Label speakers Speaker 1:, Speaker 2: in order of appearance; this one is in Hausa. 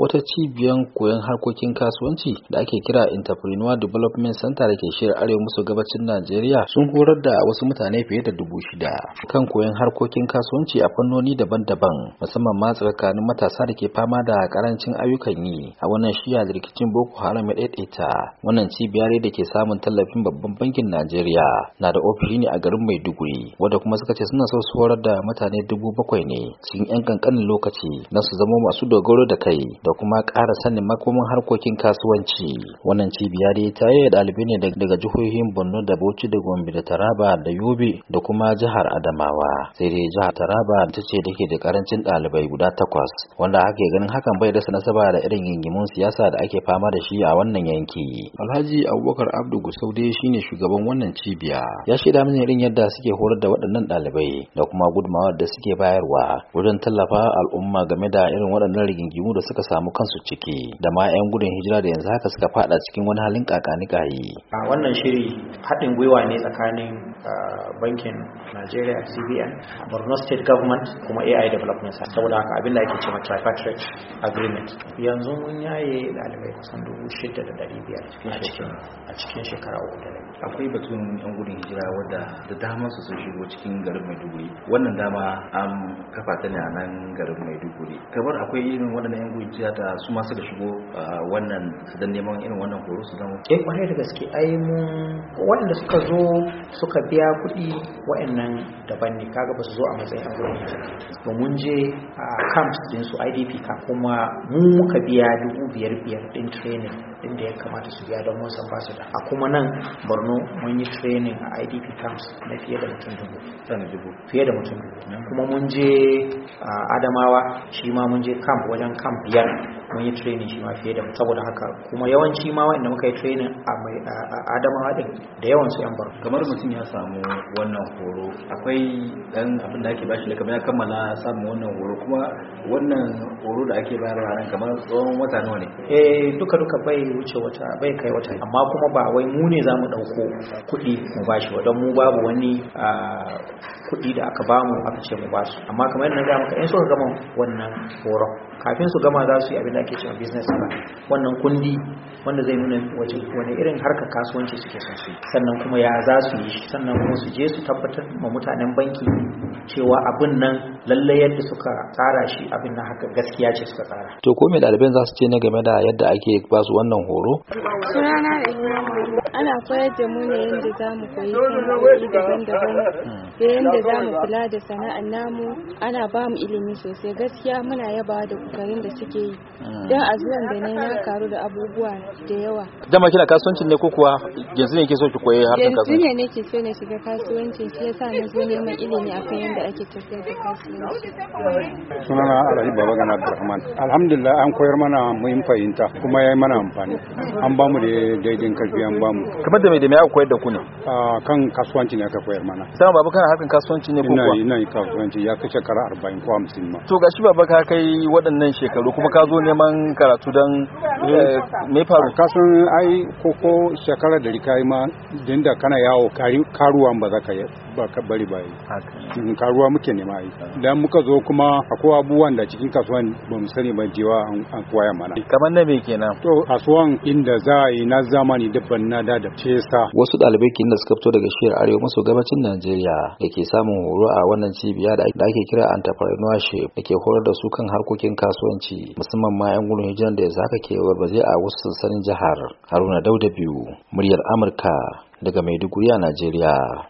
Speaker 1: wata cibiyar koyon harkokin kasuwanci da ake kira Entrepreneur Development Center da ke shirin arewa maso gabacin Najeriya sun horar da wasu mutane fiye da dubu shida kan koyon harkokin kasuwanci a fannoni daban-daban musamman ma tsakanin matasa da ke fama da karancin ayyukan yi a wannan shiya da rikicin Boko Haram ya daidaita wannan cibiyar da ke samun tallafin babban bankin Najeriya na da ofishi ne a garin Maiduguri wanda kuma suka ce suna so su horar da mutane dubu bakwai ne cikin 'yan kankanin lokaci na su zama masu dogaro da kai da da kuma ƙara sanin makomin harkokin kasuwanci wannan cibiya dai ta yi ɗalibai ne daga jihohin borno da bauchi da gombe da taraba da yobe da kuma jihar adamawa sai dai jihar taraba ta ce da da karancin ɗalibai guda takwas wanda ake ganin hakan bai da nasaba da irin gingimun siyasa da ake fama da shi a wannan yanki alhaji abubakar abdu gusau shine shugaban wannan cibiya ya shaida mini irin yadda suke horar da waɗannan ɗalibai da kuma gudunmawar da suke bayarwa wajen tallafa al'umma game da irin waɗannan rigingimu da suka samu kansu ciki da ma 'yan gudun hijira da yanzu haka suka fada cikin wani halin
Speaker 2: A wannan shiri haɗin gwiwa ne tsakanin bankin Najeriya CBN Borno State Government kuma AI Development saboda haka abin da ake cewa tripartite agreement yanzu mun yaye ɗalibai kusan dubu shida da ɗari biyar a cikin shekara uku da
Speaker 1: akwai batun yan gudun hijira wadda da dama su sun shigo cikin garin Maiduguri wannan dama an kafa ta ne a nan garin Maiduguri kamar akwai irin waɗannan yan gudun tiyata su masu da shigo wannan don neman irin wannan horo su zama eh kwarai da gaske ai mu
Speaker 2: waɗanda suka zo suka biya kuɗi waɗannan daban ne kaga ba su zo a matsayin an gurin to mun je a camps din su IDP ka kuma mu muka biya dubu biyar biyar din training din da ya kamata su biya don wasan basu da a kuma nan borno mun yi training a idp camps na fiye da mutum dubu fiye da mutum dubu kuma mun je adamawa shi ma mun je camp wajen camp biyar mun yi training shi ma fiye da mu saboda haka kuma yawanci ma wanda muka yi training a mai adamawa din da yawan su yan barka kamar mutum ya samu wannan horo akwai dan
Speaker 1: abin da ake bashi da kamar ya kammala samun wannan horo kuma wannan horo da ake bayar ran kamar tsawon wata nawa ne
Speaker 2: eh duka duka bai wuce wata bai kai wata amma kuma ba wai mu ne zamu dauko kuɗi mu bashi wa don mu babu wani kuɗi da aka bamu aka ce mu basu amma kamar yadda na ga maka in suka gama wannan horon kafin su gama za su yi abin da ake cewa business wannan kundi wanda zai nuna wace wani irin harkar kasuwanci suke son su sannan kuma ya za su yi shi sannan kuma su je su tabbatar ma mutanen banki cewa abin nan lalle yadda suka tsara shi abin nan haka gaskiya ce suka tsara
Speaker 1: to ko me ɗaliban za su ce na game da yadda ake ba su wannan horo
Speaker 2: sunana ana koyar da mu ne yadda za mu koyi sana'o'i daban-daban da
Speaker 3: yadda za mu kula
Speaker 2: da sana'ar namu ana ba mu ilimi sosai gaskiya muna yaba da kokarin da suke yi dan azuwan da ne na karu da abubuwa da yawa
Speaker 1: dama kina kasuwancin ne ko kuwa yanzu
Speaker 3: ne ke so ki koyi harkar kasuwanci yanzu
Speaker 2: ne ke so na shiga kasuwancin shi yasa na zo neman ilimi akan yadda
Speaker 3: ake tafiyar da kasuwanci sunana Alhaji Baba Gana Abdulrahman alhamdulillah an koyar mana muhim fahimta kuma yi mana amfani an bamu da daidin karfi an bamu kamar da mai da mai aka koyar da ku ne kan kasuwanci ne aka koyar mana sama babu kana harkar kasuwanci ne ko kuwa ina yi kasuwanci ya kai shekara 40 ko 50 ma to gashi baba ka kai waɗannan shekaru kuma ka zo neman neman karatu don Eh, me faru kasan ai koko shekara da rika ma din da kana yawo karuwan ba za ka ba ka bari ba yi mm, karuwa muke nema yi dan muka zo kuma akwai abubuwan da cikin kasuwan ba mu sani ba jewa an koya mana kamar na me kenan to kasuwan inda za a yi na zamani dabban na da da cesa
Speaker 1: wasu dalibai kin da suka fito daga shiyar arewa maso gabacin Najeriya da ke samun horo a wannan cibiya da ake kira entrepreneurship da ke horar da su kan harkokin kasuwanci musamman ma 'yan gudun hijiran da ya zaka kewa zai a wasu sansanin jihar haruna dauda biyu muryar amurka daga maiduguri a najeriya